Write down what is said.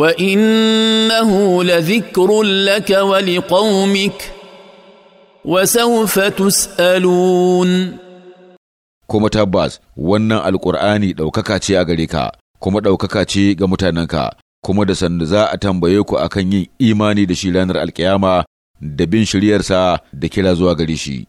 وانه لذكر لك ولقومك وسوف تسالون kuma tabbas wannan Alƙur'ani ɗaukaka ce a gare ka kuma ɗaukaka ce ga mutanenka kuma da sanda za a tambaye ku akan yin imani da shi ranar alkiyama da bin shiryarsa da kira zuwa gare shi